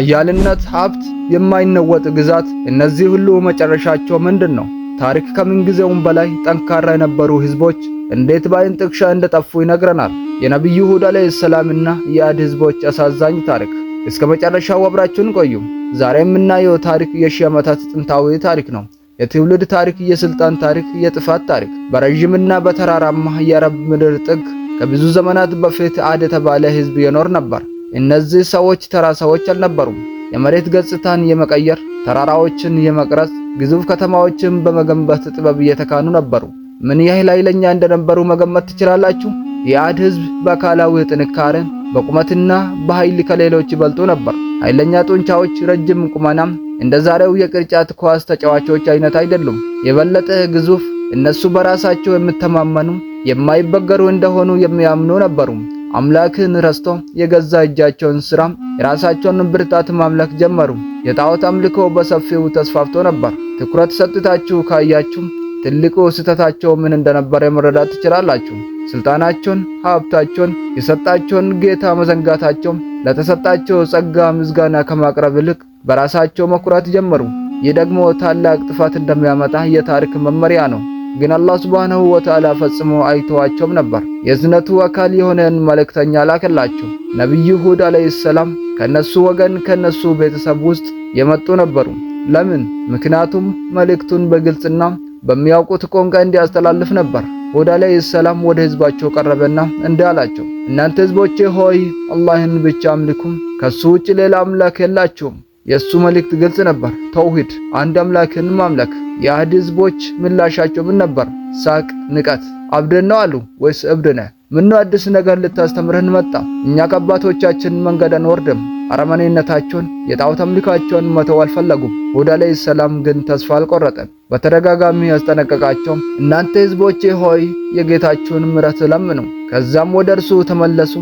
ኃያልነት፣ ሀብት፣ የማይነወጥ ግዛት፣ እነዚህ ሁሉ መጨረሻቸው ምንድን ነው? ታሪክ ከምንጊዜውም በላይ ጠንካራ የነበሩ ህዝቦች እንዴት በአይን ጥቅሻ እንደጠፉ ይነግረናል። የነቢዩ ሁድ አለይሂ ሰላምና የአድ ህዝቦች አሳዛኝ ታሪክ። እስከ መጨረሻው አብራችሁን ቆዩ። ዛሬ የምናየው ታሪክ የሺህ ዓመታት ጥንታዊ ታሪክ ነው። የትውልድ ታሪክ፣ የስልጣን ታሪክ፣ የጥፋት ታሪክ። በረዥምና በተራራማ የአረብ ምድር ጥግ ከብዙ ዘመናት በፊት አድ የተባለ ህዝብ ይኖር ነበር። እነዚህ ሰዎች ተራ ሰዎች አልነበሩም። የመሬት ገጽታን የመቀየር ተራራዎችን የመቅረጽ ግዙፍ ከተማዎችን በመገንባት ጥበብ እየተካኑ ነበሩ። ምን ያህል ኃይለኛ እንደነበሩ መገመት ትችላላችሁ? የአድ ህዝብ በአካላዊ ጥንካሬ በቁመትና በኃይል ከሌሎች ይበልጡ ነበር። ኃይለኛ ጡንቻዎች፣ ረጅም ቁመናም እንደ ዛሬው የቅርጫት ኳስ ተጫዋቾች አይነት አይደሉም። የበለጠ ግዙፍ፣ እነሱ በራሳቸው የምተማመኑ የማይበገሩ እንደሆኑ የሚያምኑ ነበሩ። አምላክን ረስቶ የገዛ እጃቸውን ሥራ የራሳቸውን ብርታት ማምለክ ጀመሩ። የጣዖት አምልኮ በሰፊው ተስፋፍቶ ነበር። ትኩረት ሰጥታችሁ ካያችሁ ትልቁ ስህተታቸው ምን እንደነበረ መረዳት ትችላላችሁ። ስልጣናቸውን፣ ሀብታቸውን፣ የሰጣቸውን ጌታ መዘንጋታቸው ለተሰጣቸው ጸጋ ምስጋና ከማቅረብ ይልቅ በራሳቸው መኩራት ጀመሩ። ይህ ደግሞ ታላቅ ጥፋት እንደሚያመጣ የታሪክ መመሪያ ነው። ግን አላህ ሱብሓነሁ ወተዓላ ፈጽሞ አይተዋቸውም ነበር። የዝነቱ አካል የሆነን መልእክተኛ ላከላቸው። ነቢዩ ሁድ አለይሂ ሰላም ከነሱ ወገን ከነሱ ቤተሰብ ውስጥ የመጡ ነበሩ። ለምን? ምክንያቱም መልእክቱን በግልጽና በሚያውቁት ቋንቋ እንዲያስተላልፍ ነበር። ሁድ አለይሂ ሰላም ወደ ህዝባቸው ቀረበና እንዲህ አላቸው፣ እናንተ ህዝቦቼ ሆይ አላህን ብቻ አምልኩም፣ ከሱ ውጭ ሌላ አምላክ የላችሁም የእሱ መልእክት ግልጽ ነበር፣ ተውሂድ፣ አንድ አምላክን ማምለክ። የአህድ ህዝቦች ምላሻቸው ምን ነበር? ሳቅ፣ ንቀት። አብደን ነው አሉ ወይስ እብድ ነህ? ምነው አዲስ ነገር ልታስተምረን መጣ? እኛ ከአባቶቻችን መንገድ አንወርድም። አረመኔነታቸውን የጣዖት አምልካቸውን መተው አልፈለጉም። ሁድ ዓለይሂ ሰላም ግን ተስፋ አልቆረጠም። በተደጋጋሚ ያስጠነቀቃቸው እናንተ ህዝቦቼ ሆይ የጌታችሁን ምሕረት ለምኑ፣ ከዛም ወደ እርሱ ተመለሱ፣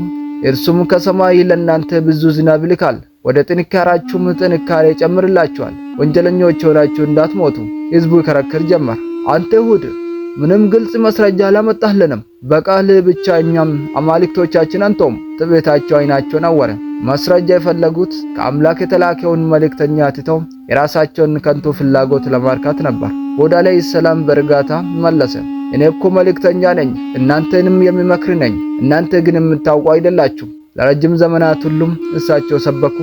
እርሱም ከሰማይ ለእናንተ ብዙ ዝናብ ይልካል ወደ ጥንካሬያችሁም ጥንካሬ ጨምርላችኋል፣ ወንጀለኞች ሆናችሁ እንዳትሞቱ ሕዝቡ ይከረክር ጀመር። አንተ ይሁድ ምንም ግልጽ ማስረጃ አላመጣህልንም፣ በቃል ብቻ እኛም አማልክቶቻችን አንተውም። ጥቤታቸው አይናቸውን አወረ። ማስረጃ የፈለጉት ከአምላክ የተላከውን መልእክተኛ ትተው የራሳቸውን ከንቱ ፍላጎት ለማርካት ነበር። ሆዳ ላይ ሰላም በእርጋታ መለሰ። እኔ እኮ መልእክተኛ ነኝ፣ እናንተንም የሚመክር ነኝ። እናንተ ግን የምታውቁ አይደላችሁ። ለረጅም ዘመናት ሁሉም እሳቸው ሰበኩ፣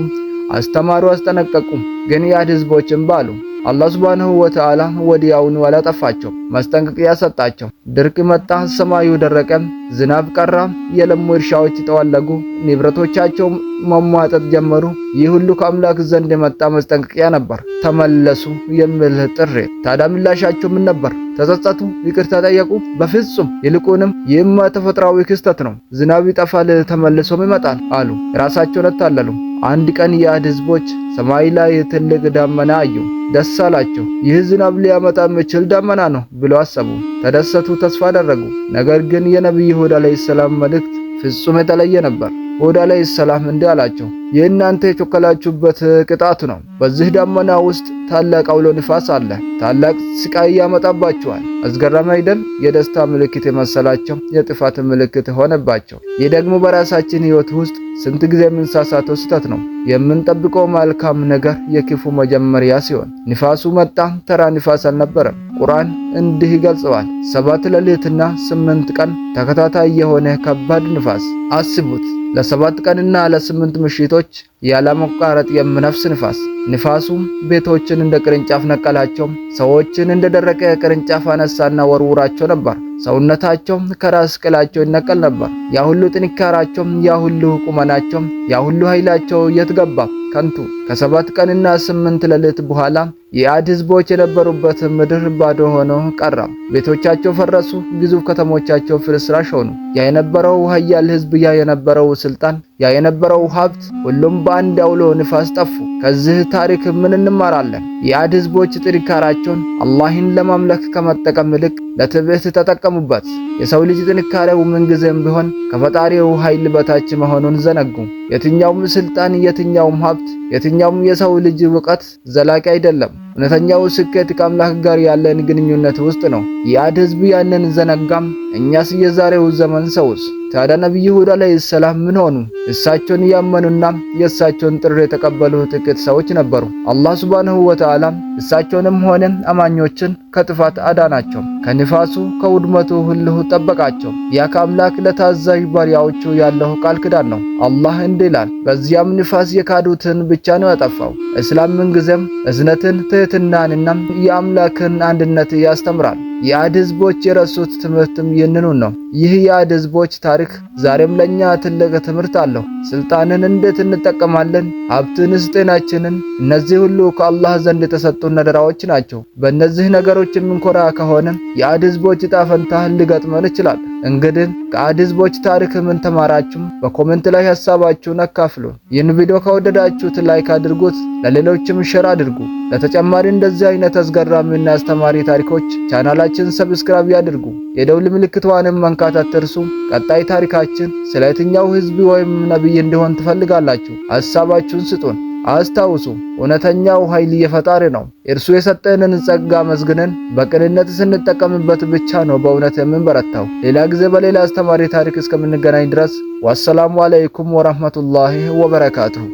አስተማሩ፣ አስጠነቀቁ። ግን የአይሁድ ሕዝቦች ባሉ። አላህ ሱብሓነሁ ወተዓላ ወዲያውኑ አላጠፋቸው፣ መስጠንቀቂያ ሰጣቸው። ድርቅ መጣ፣ ሰማዩ ደረቀ፣ ዝናብ ቀራ፣ የለሙ እርሻዎች ተዋለጉ፣ ንብረቶቻቸው መሟጠጥ ጀመሩ። ይህ ሁሉ ከአምላክ ዘንድ የመጣ መስጠንቀቂያ ነበር። ተመለሱ የሚል ጥሪ። ታዲያ ምላሻቸው ምን ነበር? ተጸጸቱ? ይቅርታ ጠየቁ? በፍጹም። ይልቁንም ይህማ ተፈጥሯዊ ክስተት ነው፣ ዝናብ ይጠፋል፣ ተመልሶም ይመጣል አሉ። ራሳቸውን አታለሉ። አንድ ቀን የአድ ሕዝቦች ሰማይ ላይ ትልቅ ደመና አዩ። ደስ አላቸው። ይህ ዝናብ ሊያመጣ የሚችል ደመና ነው ብለው አሰቡ። ተደሰቱ፣ ተስፋ አደረጉ። ነገር ግን የነቢይ ሁድ ዓለይሂ ሰላም መልእክት ፍጹም የተለየ ነበር። ሁድ ዓለይሂ ሰላም እንዲህ አላቸው፣ የእናንተ የቾከላችሁበት ቅጣት ነው። በዚህ ደመና ውስጥ ታላቅ አውሎ ንፋስ አለ። ታላቅ ስቃይ ያመጣባቸዋል። አስገራሚ አይደል? የደስታ ምልክት የመሰላቸው የጥፋት ምልክት ሆነባቸው። ይህ ደግሞ በራሳችን ሕይወት ውስጥ ስንት ጊዜ የምንሳሳተው ስህተት ነው። የምንጠብቀው መልካም ነገር የክፉ መጀመሪያ ሲሆን ንፋሱ መጣ፣ ተራ ንፋስ አልነበረም። ቁርአን እንዲህ ይገልጸዋል። ሰባት ሌሊትና ስምንት ቀን ተከታታይ የሆነ ከባድ ንፋስ አስቡት። ለሰባት ቀንና ለስምንት ምሽቶች ያለመቋረጥ የሚነፍስ ንፋስ። ንፋሱም ቤቶችን እንደ ቅርንጫፍ ነቀላቸው፣ ሰዎችን እንደ ደረቀ ቅርንጫፍ አነሳና ወርውራቸው ነበር። ሰውነታቸው ከራስ ቅላቸው ይነቀል ነበር። ያ ሁሉ ጥንካራቸው፣ ያ ሁሉ ቁመናቸው፣ ያ ሁሉ ኃይላቸው የት ገባ? ከንቱ ከሰባት ቀንና ስምንት ሌሊት በኋላ የአድ ሕዝቦች የነበሩበት ምድር ባዶ ሆኖ ቀራ። ቤቶቻቸው ፈረሱ፣ ግዙፍ ከተሞቻቸው ፍርስራሽ ሆኑ። ያ የነበረው ኃያል ሕዝብ፣ ያ የነበረው ስልጣን፣ ያ የነበረው ሀብት፣ ሁሉም በአንድ አውሎ ንፋስ ጠፉ። ከዚህ ታሪክ ምን እንማራለን? የአድ ህዝቦች ጥንካሬያቸውን አላህን ለማምለክ ከመጠቀም ይልቅ ለትዕቢት ተጠቀሙበት። የሰው ልጅ ጥንካሬው ምንጊዜም ቢሆን ከፈጣሪው ኃይል በታች መሆኑን ዘነጉ። የትኛውም ስልጣን፣ የትኛውም ሀብት፣ የትኛውም የሰው ልጅ እውቀት ዘላቂ አይደለም። እውነተኛው ስኬት ከአምላክ ጋር ያለን ግንኙነት ውስጥ ነው። የአድ ህዝብ ያንን ዘነጋም። እኛስ የዛሬው ዘመን ሰውስ ታዲያ ነቢዩ ይሁዳ ዓለይሂ ሰላም ምን ሆኑ? እሳቸውን እያመኑና የእሳቸውን ጥሪ የተቀበሉ ጥቂት ሰዎች ነበሩ። አላህ ሱብሓነሁ ወተዓላ እሳቸውንም ሆነ አማኞችን ከጥፋት አዳናቸው፣ ከንፋሱ ከውድመቱ ሁሉ ጠበቃቸው። ያ ከአምላክ ለታዛዥ ባሪያዎቹ ያለው ቃል ክዳን ነው። አላህ እንዲህ ይላል፣ በዚያም ንፋስ የካዱትን ብቻ ነው ያጠፋው። እስላም ምንጊዜም እዝነትን ትህትናንና የአምላክን አንድነት ያስተምራል። የአድ ህዝቦች የረሱት ትምህርትም ይህንኑ ነው። ይህ የአድ ህዝቦች ታሪክ ዛሬም ለኛ ትልቅ ትምህርት አለው። ስልጣንን እንዴት እንጠቀማለን? ሀብትንስ? ጤናችንን? እነዚህ ሁሉ ከአላህ ዘንድ የተሰጡ ነደራዎች ናቸው። በእነዚህ ነገሮች የምንኮራ ከሆነ የአድ ህዝቦች እጣ ፈንታ ሊገጥመን ይችላል። እንግዲህ ከአድ ህዝቦች ታሪክ ምን ተማራችሁ? በኮሜንት ላይ ሐሳባችሁን አካፍሉ። ይህን ቪዲዮ ከወደዳችሁት ላይክ አድርጉት፣ ለሌሎችም ሼር አድርጉ። ለተጨማሪ እንደዚህ አይነት አስገራሚና አስተማሪ ታሪኮች ቻናላችን ሰብስክራይብ ያድርጉ። የደውል ምልክቷንም መንካት አትርሱ። ቀጣይ ታሪካችን ስለ የትኛው ህዝብ ወይም ነብይ እንዲሆን ትፈልጋላችሁ? ሐሳባችሁን ስጡን። አስታውሱ እውነተኛው ኃይል የፈጣሪ ነው። እርሱ የሰጠንን ጸጋ መስግነን በቅንነት ስንጠቀምበት ብቻ ነው በእውነት የምንበረታው። ሌላ ጊዜ በሌላ አስተማሪ ታሪክ እስከምንገናኝ ድረስ ወሰላሙ አለይኩም ወራህመቱላሂ ወበረካቱሁ።